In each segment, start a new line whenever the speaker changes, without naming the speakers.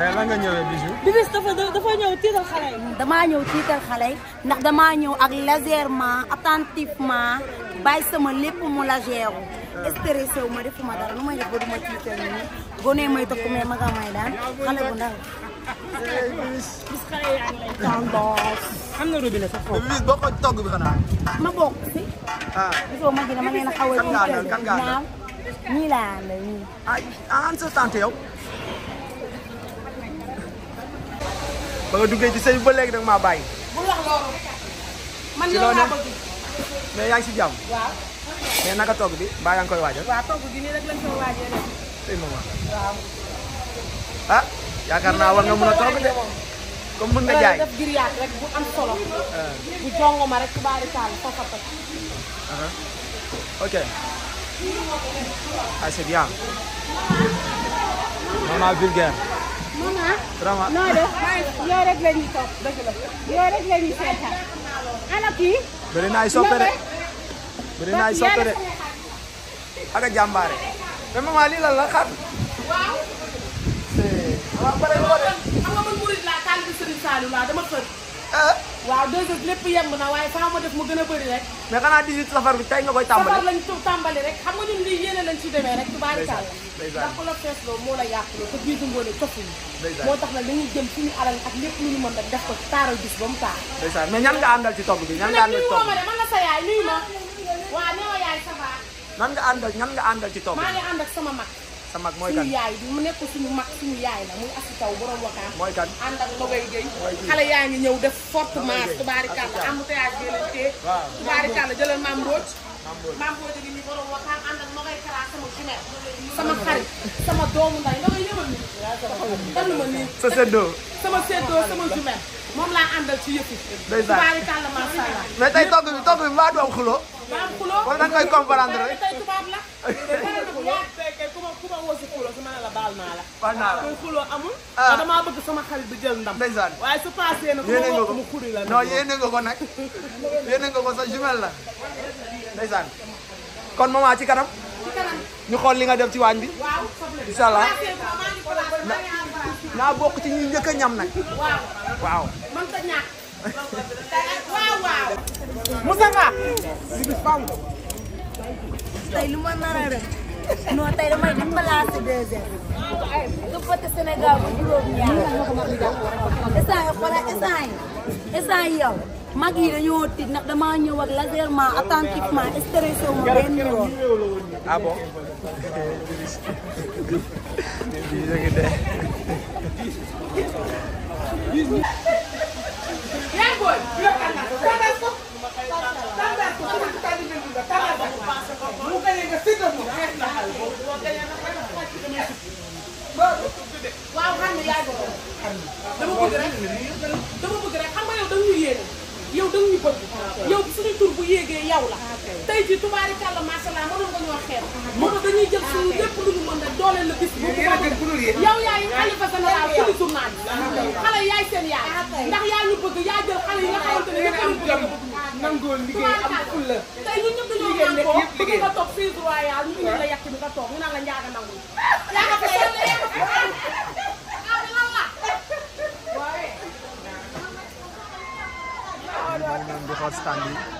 mais lan nga ñëwee Bijou. Bijou dafa dafa ñëw tiital xale yi. damaa ñëw tiital xale yi ndax damaa ñëw ak légèrement attentivement bàyyi sama lépp mu la gérer. stressé wu ma defuma dara lu ma def ba du ma tiital nii gone may topp mais ma may daan xale bu ndaw. bis xale yaa ngi lay tendance. am na robinet sax foofu. bis boo ko togg bi xanaa. ma bokk si. ah gisoo ma ji dama leen a xaw a. kan ngaa kan ngaa ñii laa àndal ñii. ah en ce temps yow.
ba nga duggee ci sëy ba léegi nag maa bàyyi.
yaa ngi si jàmm. waaw. naka togg bi mbaa yaa ngi koy waajal. waaw togg bi nii rek koy waajal rek. tey moom waaw. ah yaakaar naa war nga mën a togg de. comme mën nga jaay def grillade rek bu ah. jongo ma rek tubaari saal foofa ko. ok. ah c'est bien. maman vulgaire.
ah. Rama noo def yow rek la ñuy topp dëgg la yow
rek la ñuy seetaan ana kii. bëri na ay waaw 2h lépp yemb na waaye faaw def mu gën a bëri rek. mais xanaa 18 safar bi tey nga koy tàmbali. safar lañ tàmbali rek xam nga ñun lii yéene lañ ci demee rek. tubaarikàlla ndax ku la fees loo moo la yàqloo te bii dungoo ne topp moo tax nag dañuy jëm suñu alal ak lépp lu ñu mën rek ko taaral bis ba mu taar. ndeysaan mais ñan nga àndal ci togg bi ñan nga àndal ci togg bi man ma waaw nee ma yaay sa baax. ci togg bi maa ngi ànd ak sama mag sa mooy kan suñu yaay bi mu ngi ñëw def forte marche tubaarikàlla embouteillage bi sama jumel sama doomu nday Nogay ma nii sa seddoo sama seddoo sama jumel moom laa àndal ci yëpp yi tubaarikàlla macha allah mais tey togg bi togg bi mbaa du am xuloo du am xuloo wala da nga koy comprendre rek tey tubaab la ku ma woo si xuloo su ma ne la baal naa la. baal naa la kon xuloo ah. sama xarit bi jël ndam. ndeysaan waaye su paasee ko mu sa jumel la ndeysaan kon maman ci ci kanam ñu xool li nga def ci waañ bi. waaw incha allah naa bokk ci ñi njëkk a ñam nag. waaw waaw. nga ñàkk. waaw waaw. Moussa Ka. tey ma non tey damay di place deux heures. du côté Sénégal bu juróom-ñaar. instant yi xoolal instant yi instant yi yow mag yi dañoo tiit ndax damaa ñëw ak légèrement attentivement stressé wu ma
benn yoon. ah bon.
yow la tey ji tubaari kàlla masala mënoon nga ñoo xeer mëno dañuy jël suñu ñu mën a yaay xalifa xale yaay seen yaay ndax yaa ñu bëgg yaa jël xale yi nga xamante ne am jom
nangoo liggéey am fulla tey ñu ñëpp dañoo nangoo bëgg nga toog fii
royal ñu ñu la yàq bi toog ñu naan la njaaga nangul yaaga ko waaw
lan la di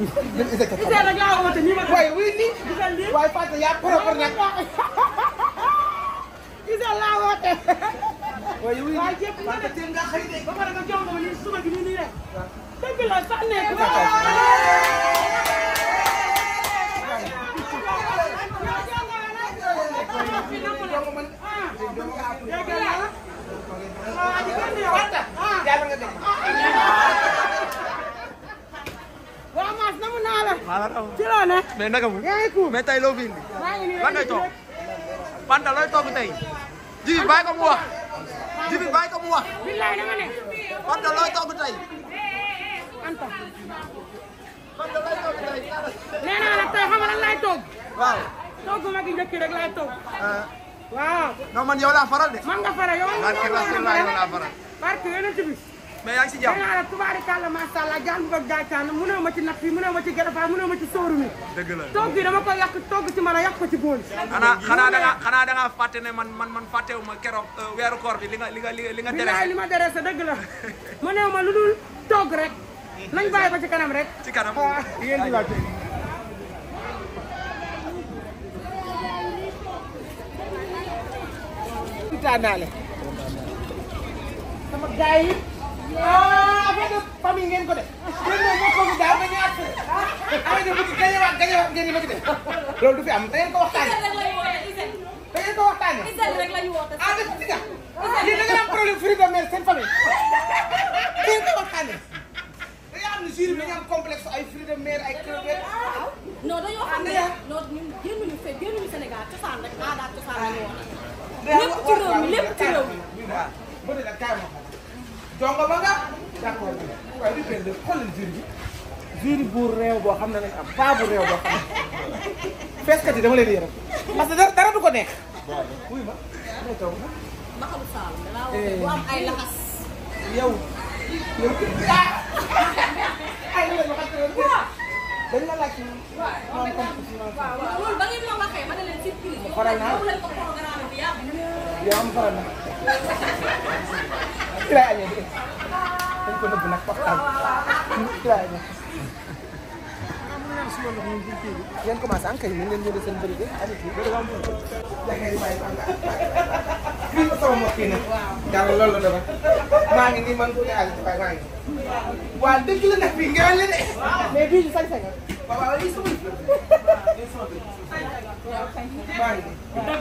Isaac nag laa woote nii waaye wuy nii waaye Fatou yaa propre nag. Isaac laa woote. waaye wuy nii Fatou teel ngaa xëy de. ba pare nga jox ko ma suba gi nii nii rek. la sax nekk.
ci loo ne. Eh? mais naka mu mais tey loo fi indi. lan ngay toog Fanta looy toog tey. Jibi bàyyi ko mu wax. Jibi la tey xam nga lan laay toog. waaw. toog mag yi njëkk rek laay toog. waaw. non man yow laa faral de. Eh. man nga faral yow man nga faral. mais yaa ngi si jàmm nee naa la tubaarikàlla
macha allah jàmm ko gàccaana mënoo ma ci natt yi mënoo ma ci gerte mënoo ma ci sóoru mi dëgg la ko yàq togg ci man a yàq ko ci bool xanaa
xanaa da nga ne man man man fàttewu ma keroog euh, weeru koor bi li nga li nga li nga déressé li
ma déressé dëgg la ma néew ma lu dul togg rek nañ bàyyi ba ci kanam rek ci kanam yéen di laajte
kontaan naa ah ba def famille ngeen ko def. yéen ñoom ñoo ko bëgg daaw dañuy àgg. ah aywa dëgg gañewaat gañewaat ngeen di ma ci def loolu du fi am da ngeen ko waxtaanee. da ngeen ko waxtaanee. ah def ci gàtt. yéen da ngeen am problème fruit de mer seen famille. da ngeen ko waxtaanee. dañoo am ne jur bi dañoo am complexe ay fruit de mer ay crevettes. Ah, non dañoo xam ne ah, non ñun génnuñu fee génnuñu Sénégal cosaan rek aada cosaan la ñu wax. lépp ci réew mi lépp ci réew mi. waaw bëri na kaay ma jongo ba nga d'accord waaye
li benn xoolal jur gi jur bu réew boo xam ne nañ am baa bu réew boo xam ne feeskat yi dama leen yërëm parce que dara du ko neex wuy ma may toog
ma xam saal eh. bu am ay laxas yow yow ah. ay la laxas dañ la laaj moom comme si moom. waaw loolu ba ngeen ma waxee ma ne leen surprise. xoolal naa yow am xoolal naa. ci laay añee di dañ ko nëbb nag waxtaan i laay añee ngeen commencé an kay ni ngeen jëlee seen bëri de avec bëri waa mbir dangay bàyyi lii ko sama mbokk yi nag
yàlla loolu la dafa maa
ngi nii man ko yaay ci bàyyi maa ngi waa dëgg la nag bii ngeen la de mais bii ñu sañ sañ waaw lii sama ji waaw lii sama ji.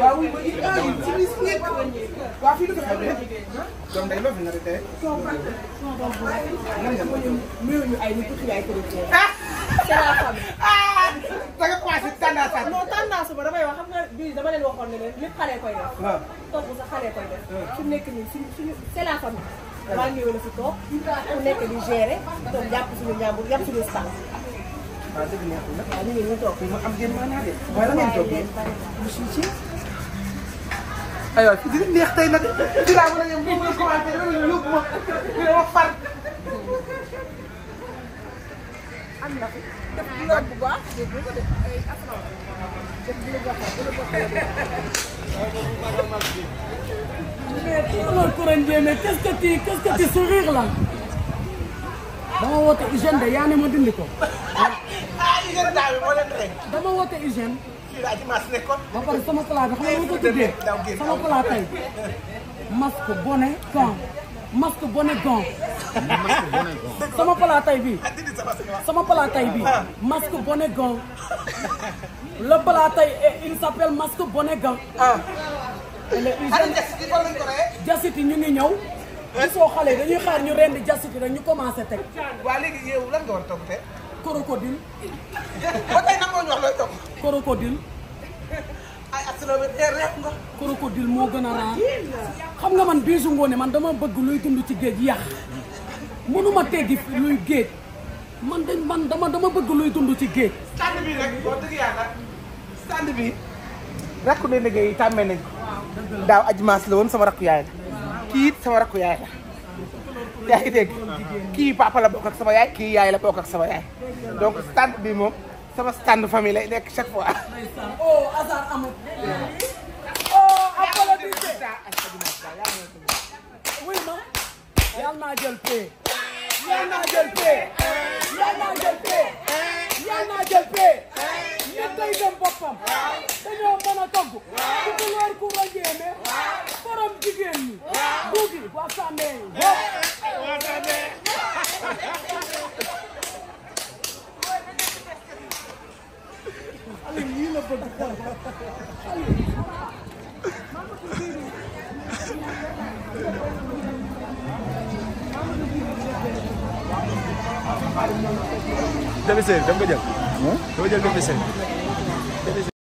waaw oui man it maa ngi ci biir
suñu yëpp. waaw fii lu ko xam ne. donc day loo fi nar a tey.
nan nga ma ñëw. ñëw ñu ay ñu tuuti ay producteurs. c'est la famille. ah da nga commencé tendance ak. non tendance ba damay wax xam nga bii dama leen waxoon ne leen lépp xale koy def. waaw toog sax xale koy def. su nekk nii suñu suñu c'est la famille. maa ngi ñëw la fi toog. ku nekk di gérer. donc jàpp suñu ñaambur jàpp suñu sànq. waaw dëgg neexul nag waaye ñu ngi ñu toog fii ma am génn mën naa de. waaye la ngeen toog nii mosu ci. aywa dina neex tey nag dinaa mën a yem bu may commencé loolu yóbbu ma dina ma far. am na fi def bu yoon bu baax def bu ko def ay afro
def bu la joxee bu la joxee. mais alors Corinne Dieng mais qu'est-ce que tu qu'est-ce que tu sourire là. dama woote Eugène de yaa ne ma dindi ko. hygiène daaw dama woote hygiène. fii laa ci maas nekkoon. ba pare sama plat bi xam nga lu ko tuddee sama plat tey masque bonnet gant masque bonnet gant. masque bonnet gant. sama plat tey bii. Ah, sama plat tey bii ah. masque bonnet gant. le plat tey eh, il s'appelle masque bonnet gant. Ah. ñu ngi ñëw. gisoo xale dañuy xaar ñu rendi jasiti rek ñu commencé teg. waa léegi yow lan nga war a toog crocodile. ba tey nangoo ñu moo gën a raar xam nga man biisu ngoone man dama bëgg luy dund ci géej yàq mënuma teggi luy géej man dañ man dama dama bëgg luy dund ci géej. stand bi rek boo dëgg yàlla bi rakku ne liggéey tàmmee nañ ko. daaw ajmaas la woon sama rakku yaay la. kii sama rakku yaay la. yaa ngi dégg kii papa la bokk ak sama yaay kii yaay la bokk ak sama yaay donc stand bi moom sama stand famille lay nekk chaque fois oh hasard amul oh applaudissez oui ma yàlla naa jël paie yàlla naa jël paie yàlla naa jël paie yàlla naa jël paie nit day dem boppam dañoo mën a togg ku ko leer ku rëngeeme demi série dama ko jël. dama jël demi série.